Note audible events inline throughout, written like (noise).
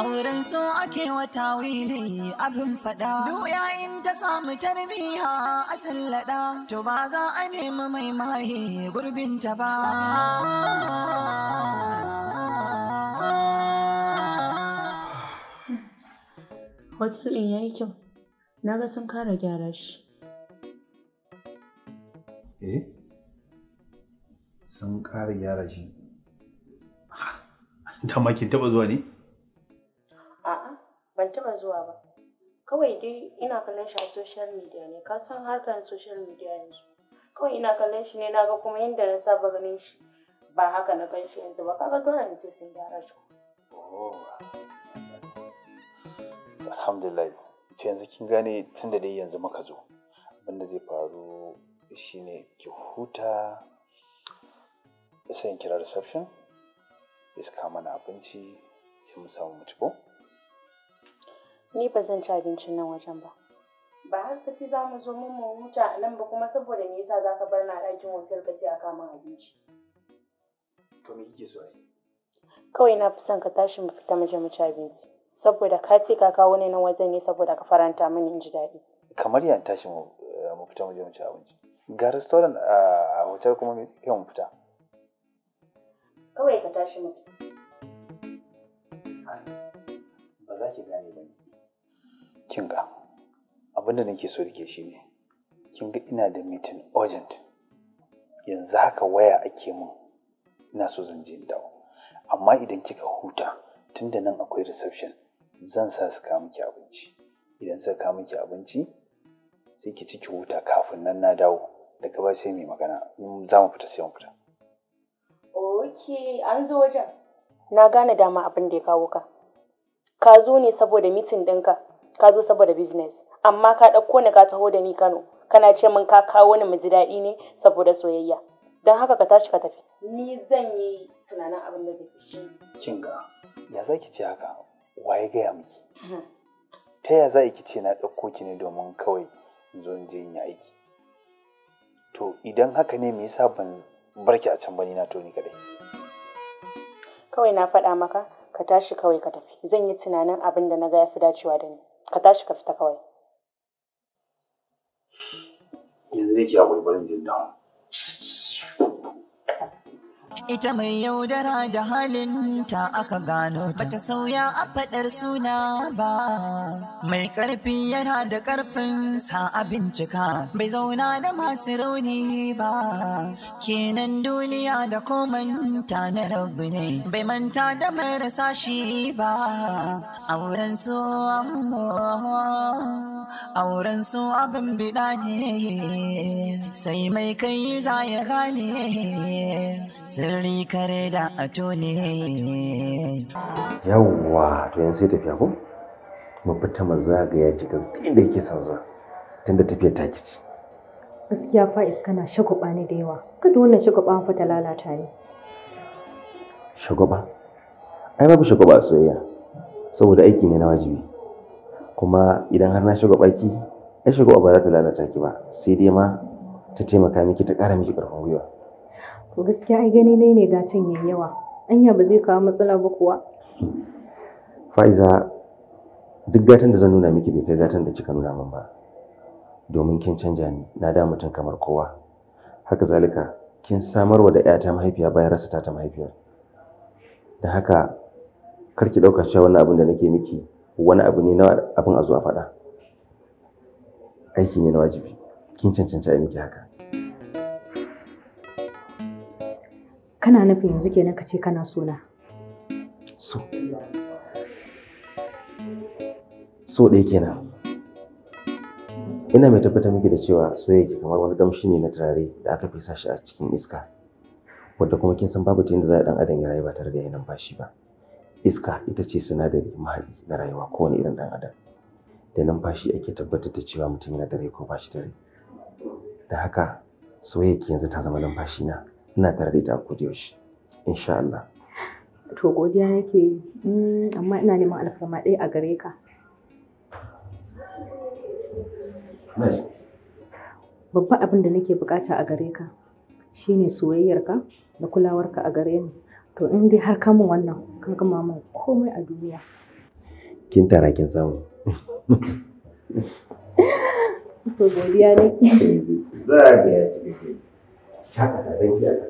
Auren so ake wata wili abin fada. Doya in ta samu tarbiya a sallada, to ba za a nemi mai maye gurbin ta ba. Hotel ɗin ya yi kyau, na ga sun kara gyara shi. Eh? Sun kara gyara shi? Ah, da ma kin taɓa zuwa ne? ban taɓa zuwa ba kawai dai ina kallon shi a social media ne ka san harkar social media yanzu kawai ina kallon shi ne na ga kuma yadda na saba ganin shi ba haka na kan shi yanzu ba kaga dole ne sai sun gyara shi oh. alhamdulillah ce yanzu kin gane tunda dai yanzu muka zo abinda zai faru shine ki huta sai kira reception sai su kama mana abinci sai mu samu mu ni ba zan ci abincin nan wajen ba ba har ka ci za mu zo mun mu huta a nan ba kuma saboda me yasa zaka bar na ɗakin hotel ka ci a kama abinci to me kike so a yi kawai na fi son ka tashi mu fita mu je mu ci abinci saboda ka ce ka kawo ne nan wajen ne saboda ka faranta mini in ji daɗi kamar ya tashi mu eh, mu fita mu je mu ci abinci ga restaurant a hotel kuma me kike mu fita kawai ka tashi mu ba za ki gane ba kin ga abin da nake so da ke shi ne kin ga ina da mitin urgent yanzu haka waya ake mun ina so zan je dawo amma idan kika huta tunda nan akwai reception zan sa su kawo miki abinci idan suka kawo miki abinci sai ki ciki huta kafin nan na dawo daga ba sai mai magana za mu fita sai mu fita ok an zo wajen na gane dama abin da ya kawo ka ka zo ne saboda mitin ɗinka ka zo saboda business amma ka ɗauko ni ka taho da ni Kano kana ce min ka kawo ni mu ji daɗi ne saboda soyayya don haka ka tashi ka tafi ni zan yi tunanin abin da zai shi kin ga ya zaki ce haka waye gaya miki mhm. ta ya za ki ce na ɗauko ki ne domin kawai in zo in je in yi aiki to idan haka ne me yasa ban barki a can ni na to ni kadai kawai na faɗa maka ka tashi kawai ka tafi zan yi tunanin abin da na ga ya fi dacewa da ni ka tashi ka fita kawai yanzu dai ki haƙuri barin jin dawo ita mai yaudara da halin ta aka gano ta ta sauya a faɗar suna ba mai ƙarfi yana da ƙarfin sa a bincika bai zauna da masu rauni ba kenan duniya da komanta na rabu ne bai manta da marasa shi ba auren su auren su abin bida ne sai mai kai za ya gane wuri kare da a tuni yawwa to yan sai tafiya ko mu fita mu zagaya ki ga inda yake son zuwa tunda tafiya ta kici gaskiya fa'is kana shagwaba ne da yawa kada wannan shagwaba fa ta lalata ne shagwaba ai babu shagwaba a soyayya saboda aiki ne na wajibi kuma idan har na shagwaba ki ai shagwaba ba za ta lalata ki ba sai dai ma ta taimaka miki ta ƙara miki ƙarfin gwiwa ko gaskiya ai gani ne ne gatan yayi yawa. Anya ba zai kawo matsala ba kuwa? Faiza duk gatan da zan nuna miki bai kai gatan da kika nuna min ba. Domin kin canja ni, na da mutum kamar kowa. Haka zalika kin samarwa da 'yata mahaifiya bayan rasa ta ta Da haka kar ki ɗauka cewa wannan abin da nake miki wani abu ne na abin a zuwa faɗa. Aiki ne na wajibi. Kin cancanci a miki haka. kana nufin yanzu kenan ka ce kana so na so so ɗaya kenan ina mai tabbatar miki da cewa soyayya kamar wani gamshi ne na turare da aka fesa shi a cikin iska wadda kuma kin san babu da za a dan adam ya rayu ba tare da yanan bashi ba iska ita ce sinadari mahaɗi na rayuwa kowane irin dan adam da numfashi ake tabbatar da cewa mutum yana da rai ko bashi da rai da haka soyayya yanzu ta zama numfashi na ina tare da ita a kodayaushe insha Allah. To godiya nake yi mm, amma ina neman alfarma ɗaya a gare ka. Babban abin da nake bukata a gare ka shine soyayyarka da kulawarka a gare ni. To in dai har kamun wannan ka gama min komai a duniya. Kin tara kin samu. (laughs) To godiya nake. Za a ga ya ci shakata don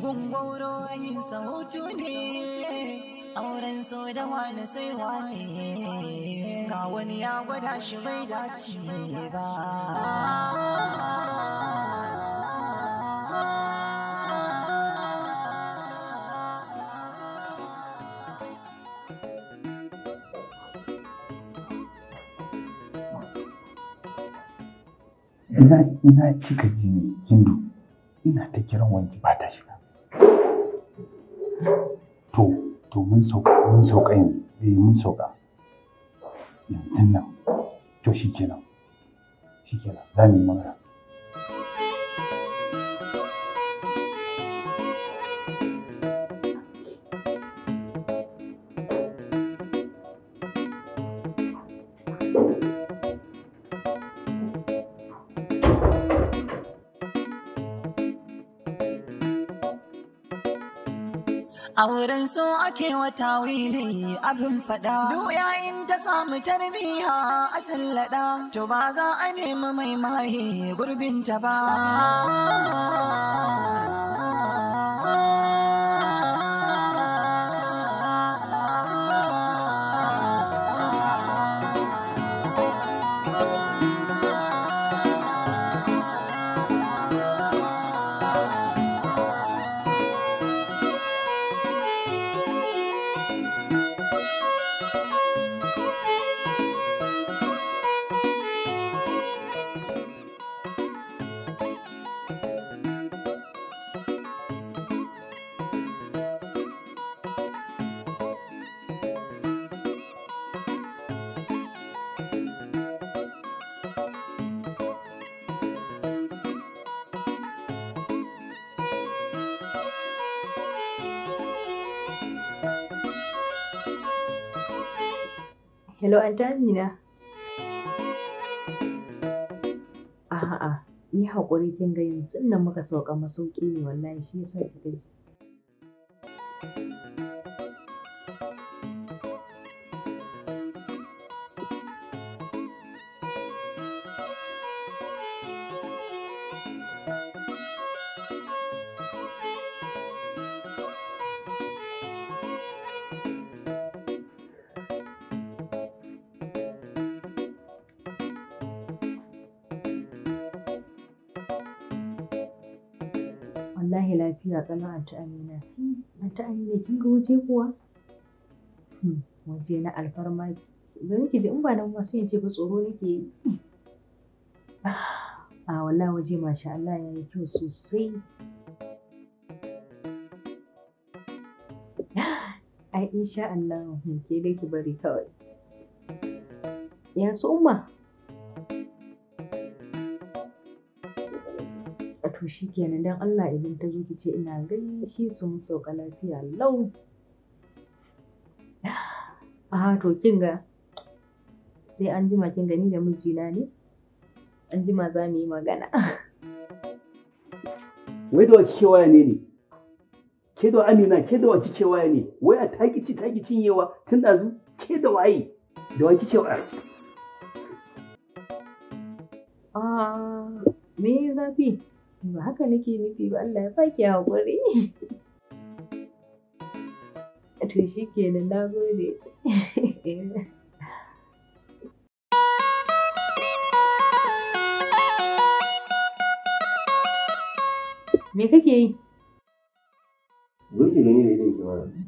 Gungoro yin sautu ne, auren so da wani sai wani, ga wani ya gwada shi bai dace ba. ina ina kika ji ne hindu ina ta kiran wanki ba ta shiga To, to mun sauka, mun sauka yanzu. Eh, mun sauka. Yanzu nan. To shikenan shikenan Shi za mu yi magana. Auren su ake wata wili abin fada. Duk yayin ta samu tarbiya a sallada, to ba za a nemi mai maye gurbinta ba. Hello, Aunt Amina. A'a, yi haƙuri kin ga yanzu nan muka sauka masauki ne wallahi shi yasa kika ji. Wallahi lafiya tsana Anta Amina. Anta Amina kin ga waje kuwa? Hmm, waje na alfarma. Da nake ji in ba nan ma sai ce ba tsoro nake yi. A ah, wallahi waje masha Allah ya yi kyau sosai. Ai insha Allah ke dai ki bari kawai. Ya su umma. shi kenan don Allah idan ta zo ce ina shi su mu sauka lafiya lau. ah to kin ga sai an jima kin gani da mijina ne an jima za mu yi magana. (laughs) Wai da wace waya ne ne? Ke da Amina ke da wace waya ne? Wai a takici takicin yawa tun zu ke da waye? Da wace ce waya? Ah, me zafi? Ba haka nake nufi ba Allah ya faki haƙuri. (laughs) To shi ke da nagode (laughs) Me kake yi? Gurgi ki gani da idan ki mana.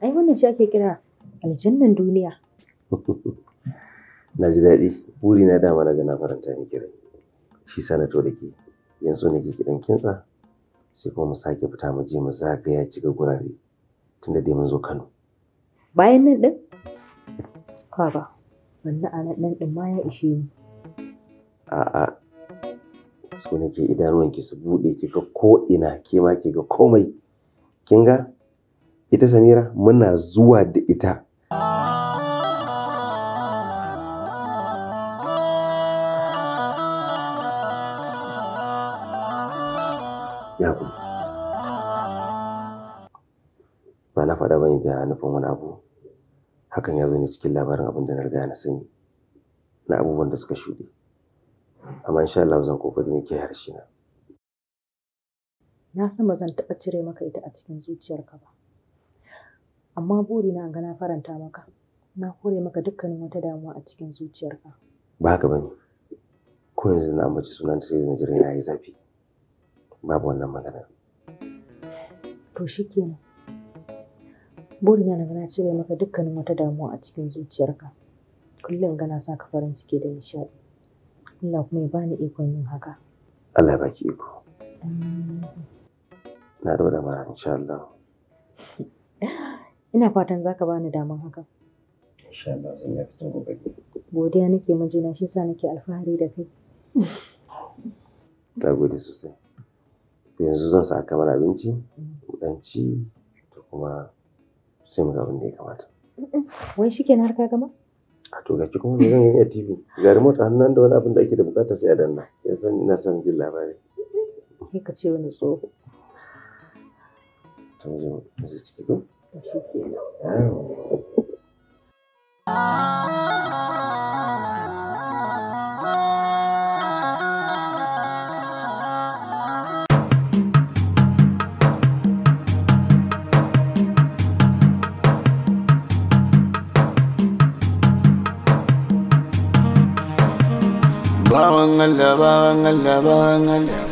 Ai wannan shi ake kira aljannan duniya. (laughs) Na ji daɗi, buri na dama na ga na faranta ni kira. Shi sanato da ke yanzu nake kiɗan kintsa sai kuma mu sake fita mu je mu zagaya kiga gurare tunda dai mun zo Kano. Bayan nan ɗin? Kwaba, wannan a nan ɗin ɗin ma ya ishe ni. A'a, ne nake idanuwanki su buɗe kiga ko ina ke ma kiga komai. Kin ga? ita samira muna zuwa da ita ba na faɗa bane da nufin wani abu hakan ya zo ne cikin labarin abin da na riga na sani na abubuwan da suka shuɗe amma insha Allah zan kokari ne ke harshe na na san ba zan taɓa cire maka ita a cikin zuciyarka ba amma burina in ga na faranta maka na kore maka dukkanin wata damuwa a cikin zuciyarka ba haka bane ko yanzu na ambaci sunan sai na jira yayi zafi babu wannan magana to shikenan burina na ga na cire maka dukkanin wata damuwa a cikin zuciyarka kullum gana sa ka farin ciki da nishaɗi Allah kuma ya bani ikon yin haka Allah ya baki iko na dora mara insha Allah Ina fatan za ka bani daman hakan. Insha Allah zan yi fitar gobe. Godiya nake mijina shi yasa nake alfahari da kai. Ta gode sosai. Yanzu zan sa kamar abinci, dan ci da kuma sai mu ga abin da ya kamata. Wai shikenan har ka gama? A to ga kuma zan yi a TV? Ga remote a hannun da wani abin da ake da bukata sai a danna. san ina son jin labari. Ni ka ce wani tsoho. To mu mu ciki ko? shi Bawan Allah, bawan Allah, bawan Allah.